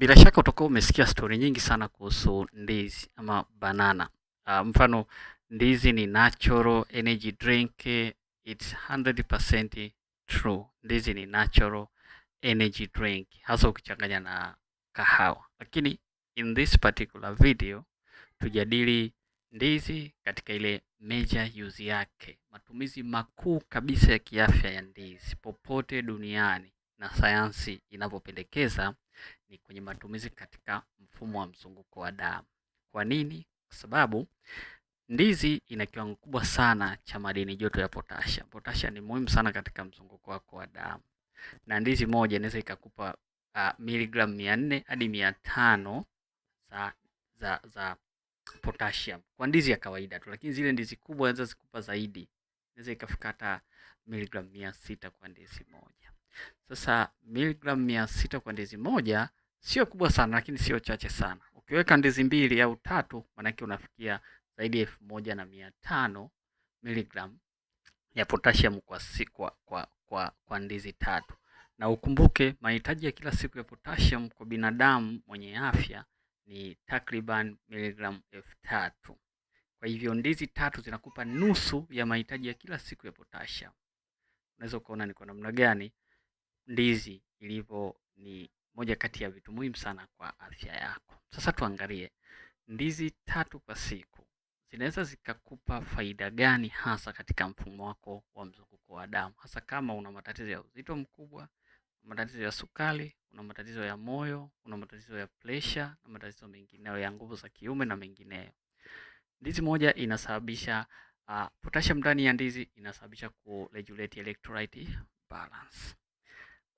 Bila shaka utakuwa umesikia stori nyingi sana kuhusu ndizi ama banana. Uh, mfano ndizi ni natural energy drink, it's 100% true. Ndizi ni natural energy drink hasa ukichanganya na kahawa, lakini in this particular video tujadili ndizi katika ile major use yake, matumizi makuu kabisa ya kiafya ya ndizi popote duniani na sayansi inavyopendekeza ni kwenye matumizi katika mfumo wa mzunguko wa damu. Kwa nini? Kwa sababu ndizi ina kiwango kubwa sana cha madini joto ya potasha. Potasha ni muhimu sana katika mzunguko wako wa damu, na ndizi moja inaweza ikakupa uh, miligramu mia nne hadi mia tano za, za, za potassium kwa ndizi ya kawaida tu, lakini zile ndizi kubwa inaweza zikupa zaidi, inaweza ikafika hata miligramu mia sita kwa ndizi moja. Sasa miligramu mia sita kwa ndizi moja sio kubwa sana, lakini sio chache sana. Ukiweka ndizi mbili au tatu, manake unafikia zaidi ya elfu moja na mia tano miligram ya potassium kwa, kwa, kwa, kwa, kwa ndizi tatu. Na ukumbuke mahitaji ya kila siku ya potassium kwa binadamu mwenye afya ni takriban miligram elfu tatu. Kwa hivyo ndizi tatu zinakupa nusu ya mahitaji ya kila siku ya potassium. Unaweza ukaona ni kwa namna gani ndizi ilivyo ni moja kati ya vitu muhimu sana kwa afya yako. Sasa tuangalie ndizi tatu kwa siku zinaweza zikakupa faida gani hasa katika mfumo wako wa mzunguko wa damu, hasa kama una matatizo ya uzito mkubwa, matatizo ya sukari, una matatizo ya moyo, una matatizo ya presha na matatizo mengineyo ya nguvu za kiume na mengineyo. Ndizi moja inasababisha uh, potassium ndani ya ndizi inasababisha ku regulate electrolyte balance.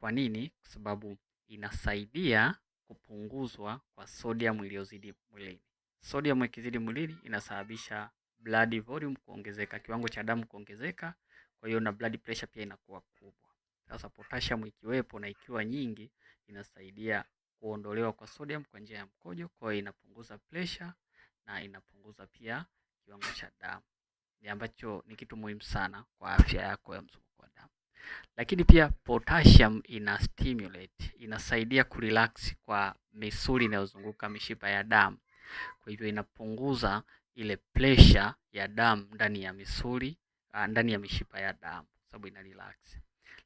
Kwa nini? Kwa sababu inasaidia kupunguzwa kwa sodium iliyozidi mwilini. Sodium ikizidi mwilini inasababisha blood volume kuongezeka, kiwango cha damu kuongezeka, kwa hiyo na blood pressure pia inakuwa kubwa. Sasa potassium ikiwepo na ikiwa nyingi inasaidia kuondolewa kwa sodium kwa njia ya mkojo, kwa hiyo inapunguza pressure na inapunguza pia kiwango cha damu, ambacho ni kitu muhimu sana kwa afya yako ya mzunguko wa damu. Lakini pia potassium ina stimulate, inasaidia kurelax kwa misuli inayozunguka mishipa ya damu, kwa hivyo inapunguza ile pressure ya damu ndani ya misuli ah, ndani ya mishipa ya damu sababu ina relax.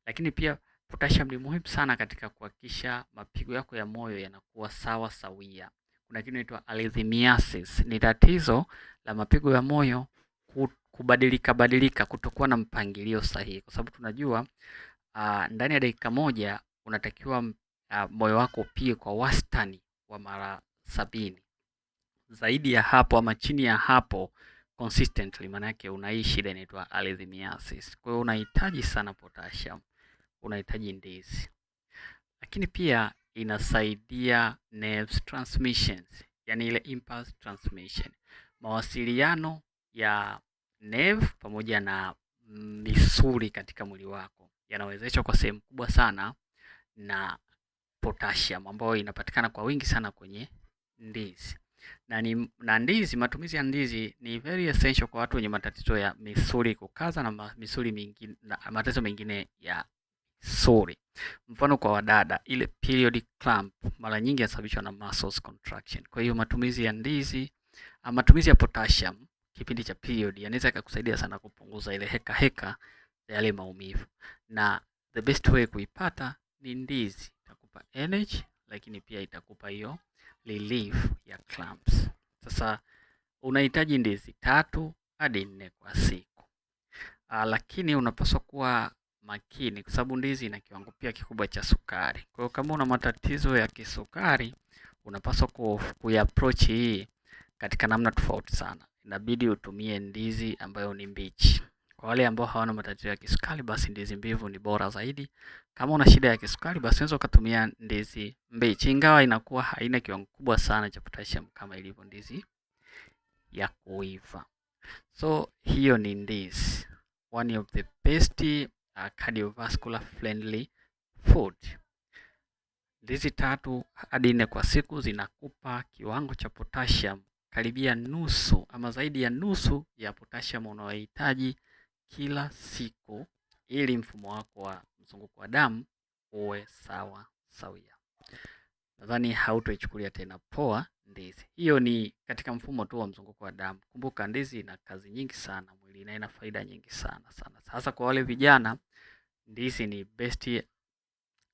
Lakini pia potassium ni muhimu sana katika kuhakikisha mapigo yako ya moyo yanakuwa sawa sawia. Kuna kitu inaitwa arrhythmias, ni tatizo la mapigo ya moyo kubadilika badilika, kutokuwa na mpangilio sahihi, kwa sababu tunajua uh, ndani ya dakika moja unatakiwa uh, moyo wako upige kwa wastani wa mara sabini. Zaidi ya hapo ama chini ya hapo consistently, maana yake unai shida inaitwa arrhythmiasis. Kwa hiyo unahitaji sana potassium, unahitaji ndizi, lakini pia inasaidia nerves transmissions, yani ile impulse transmission, mawasiliano ya nerve pamoja na mm, misuli katika mwili wako yanawezeshwa kwa sehemu kubwa sana na potassium ambayo inapatikana kwa wingi sana kwenye ndizi na, ni, na ndizi, matumizi ya ndizi ni very essential kwa watu wenye matatizo ya misuli kukaza na misuli mingine, matatizo mengine ya misuli. Mfano kwa wadada, ile periodic cramp mara nyingi yanasababishwa na muscles contraction. Kwa hiyo matumizi ya ndizi, ah, matumizi ya potassium kipindi cha period yanaweza ikakusaidia sana kupunguza ile heka heka yale maumivu, na the best way kuipata ni ndizi, itakupa energy lakini pia itakupa hiyo relief ya cramps. Sasa unahitaji ndizi tatu hadi nne kwa siku. Aa, ah, lakini unapaswa kuwa makini kwa sababu ndizi ina kiwango pia kikubwa cha sukari. Kwa hiyo kama una matatizo ya kisukari, unapaswa kuiapproach hii katika namna tofauti sana inabidi utumie ndizi ambayo ni mbichi. Kwa wale ambao hawana matatizo ya kisukari, basi ndizi mbivu ni bora zaidi. Kama una shida ya kisukari, basi unaweza ukatumia ndizi mbichi, ingawa inakuwa haina kiwango kubwa sana cha potassium kama ilivyo ndizi ya kuiva. So hiyo ni ndizi, one of the best uh, cardiovascular friendly food. Ndizi tatu hadi nne kwa siku zinakupa kiwango cha potassium karibia nusu ama zaidi ya nusu ya potassium unayohitaji kila siku ili mfumo wako wa mzunguko wa damu uwe sawa sawia. Nadhani hautoichukulia tena poa ndizi. Hiyo ni katika mfumo tu wa mzunguko wa damu. Kumbuka ndizi ina kazi nyingi sana mwili na ina faida nyingi sana sana. Sasa kwa wale vijana, ndizi ni best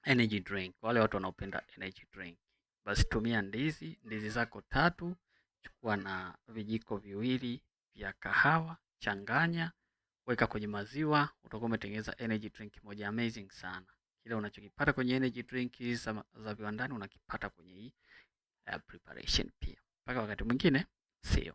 energy drink. Wale watu wanaopenda energy drink, basi tumia ndizi, ndizi zako tatu chukua na vijiko viwili vya kahawa, changanya, weka kwenye maziwa, utakuwa umetengeneza energy drink moja amazing sana. Kile unachokipata kwenye energy drink za, za viwandani unakipata kwenye hii uh, preparation pia. Mpaka wakati mwingine, see you.